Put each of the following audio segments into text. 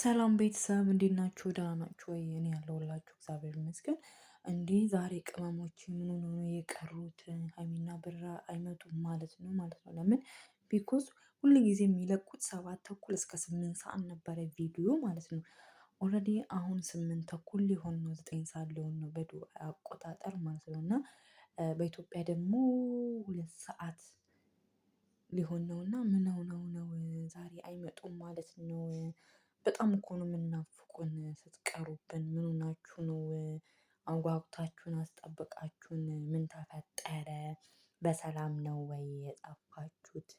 ሰላም ቤተሰብ እንዴት ናችሁ? ደህና ናችሁ ወይ? እኔ ያለሁላችሁ እግዚአብሔር ይመስገን። እንዲህ ዛሬ ቅመሞች ምን ሆኖ የቀሩት ሀይሚና ብራ አይመጡም ማለት ነው ማለት ነው። ለምን ቢኮዝ ሁሉ ጊዜ የሚለቁት ሰባት ተኩል እስከ ስምንት ሰዓት ነበረ ቪዲዮ ማለት ነው። ኦልሬዲ አሁን ስምንት ተኩል ሊሆን ነው ዘጠኝ ሰዓት ሊሆን ነው በዱባይ አቆጣጠር ማለት ነው። እና በኢትዮጵያ ደግሞ ሁለት ሰዓት ሊሆን ነው እና ምን ሆነው ነው ዛሬ አይመጡም ማለት ነው በጣም እኮ ነው የምናፍቁን ስትቀሩብን ምን ናችሁ ነው አንጓጉታችሁን አስጠብቃችሁን ምን ተፈጠረ በሰላም ነው ወይ የጠፋችሁት?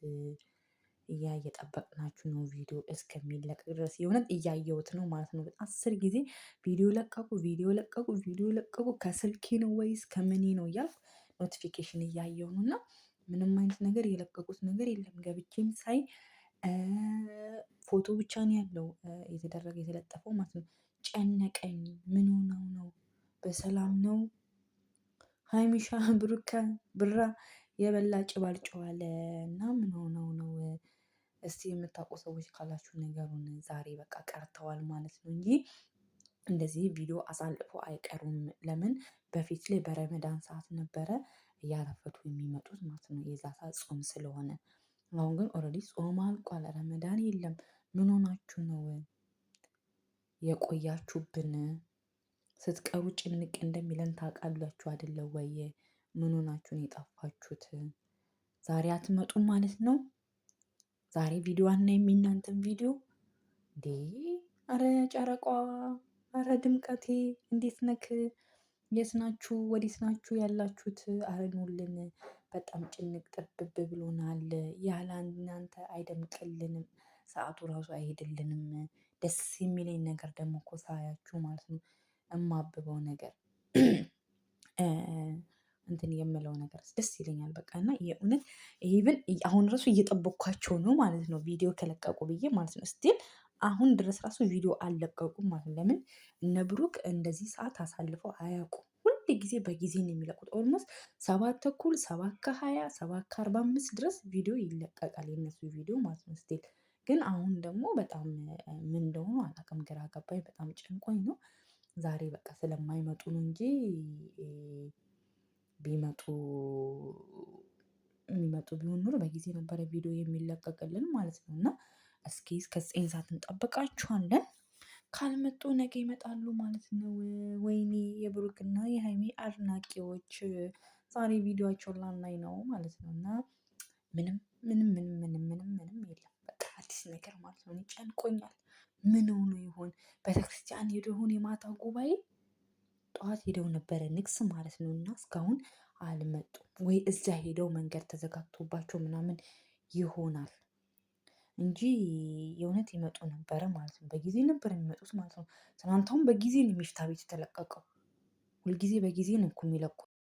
እየጠበቅናችሁ ነው ቪዲዮ እስከሚለቀቅ ድረስ የእውነት እያየሁት ነው ማለት ነው። አስር ጊዜ ቪዲዮ ለቀቁ ቪዲዮ ለቀቁ ቪዲዮ ለቀቁ ከስልኬ ነው ወይስ ከምኔ ነው እያልኩ ኖቲፊኬሽን እያየሁ ነው። እና ምንም አይነት ነገር የለቀቁት ነገር የለም ገብቼም ሳይ ፎቶ ብቻ ነው ያለው የተደረገ የተለጠፈው ማለት ነው። ጨነቀኝ ምን ሆነው ነው በሰላም ነው? ሀይሚሻ ብሩካ ብራ የበላ ጭባል ጨዋለ እና ምን ሆነው ነው? እስቲ የምታውቁ ሰዎች ካላችሁ ነገሩን ዛሬ በቃ ቀርተዋል ማለት ነው እንጂ እንደዚህ ቪዲዮ አሳልፎ አይቀሩም። ለምን በፊት ላይ በረመዳን ሰዓት ነበረ እያረፈቱ የሚመጡት ማለት ነው የዛታ ጾም ስለሆነ አሁን ግን ኦልሬዲ ጾም አልቋል። ረመዳን የለም። ምን ሆናችሁ ነው የቆያችሁብን? ስትቀሩ ጭንቅ እንደሚለን ታውቃላችሁ አይደለ ወይ? ምን ሆናችሁን የጠፋችሁት? ዛሬ አትመጡም ማለት ነው? ዛሬ ቪዲዮ አና የሚናንተን ቪዲዮ እንዴ! አረ ጨረቋ፣ አረ ድምቀቴ፣ እንዴት ነክ? የት ናችሁ? ወዴት ናችሁ ያላችሁት? አረኑልን በጣም ጭንቅ ጥብብ ብሎናል። ያለ እናንተ አይደምቅልንም። ሰዓቱ ራሱ አይሄድልንም። ደስ የሚለኝ ነገር ደግሞ እኮ ሳያችሁ ማለት ነው የማብበው ነገር እንትን የምለው ነገር ደስ ይለኛል። በቃ እና የእውነት ኢቭን አሁን ራሱ እየጠበኳቸው ነው ማለት ነው ቪዲዮ ከለቀቁ ብዬ ማለት ነው። ስቲል አሁን ድረስ ራሱ ቪዲዮ አልለቀቁም ማለት ለምን እነ ብሩክ እንደዚህ ሰዓት አሳልፈው አያውቁም። ሁል ጊዜ በጊዜ ነው የሚለቁት። ኦልሞስት ሰባት ተኩል ሰባት ከሀያ ሰባት ከአርባ አምስት ድረስ ቪዲዮ ይለቀቃል የእነሱ ቪዲዮ ማለት ነው። ስቲል ግን አሁን ደግሞ በጣም ምን እንደሆኑ አላውቅም፣ ግራ ገባኝ። በጣም ጨንቆኝ ነው ዛሬ በቃ ስለማይመጡ ነው እንጂ ቢመጡ የሚመጡ ቢሆን ኑሮ በጊዜ ነበረ ቪዲዮ የሚለቀቅልን ማለት ነው። እና እስኪ እስከ ዘጠኝ ሰዓት እንጠብቃችኋለን። ካልመጡ ነገ ይመጣሉ ማለት ነው። ወይኔ የብሩክና የሀይሚ አድናቂዎች ዛሬ ቪዲዮቸውን ላናይ ነው ማለት ነው። እና ምንም ምንም ምንም ምንም ምንም ምንም የለም በቃ አዲስ ነገር ማለት ነው። ጨንቆኛል። ምን ሆኖ ይሆን? ቤተክርስቲያን ሄዶ ይሆን? ጉባኤ ጠዋት ሄደው ነበረ ንግስ ማለት ነው። እና እስካሁን አልመጡም ወይ እዛ ሄደው መንገድ ተዘጋግቶባቸው ምናምን ይሆናል። እንጂ የእውነት ይመጡ ነበረ ማለት ነው። በጊዜ ነበር የሚመጡት ማለት ነው። ትናንታውም በጊዜ ነው ሚፍታ ቤት የተለቀቀው። ሁልጊዜ በጊዜ ነው እኮ የሚለቁ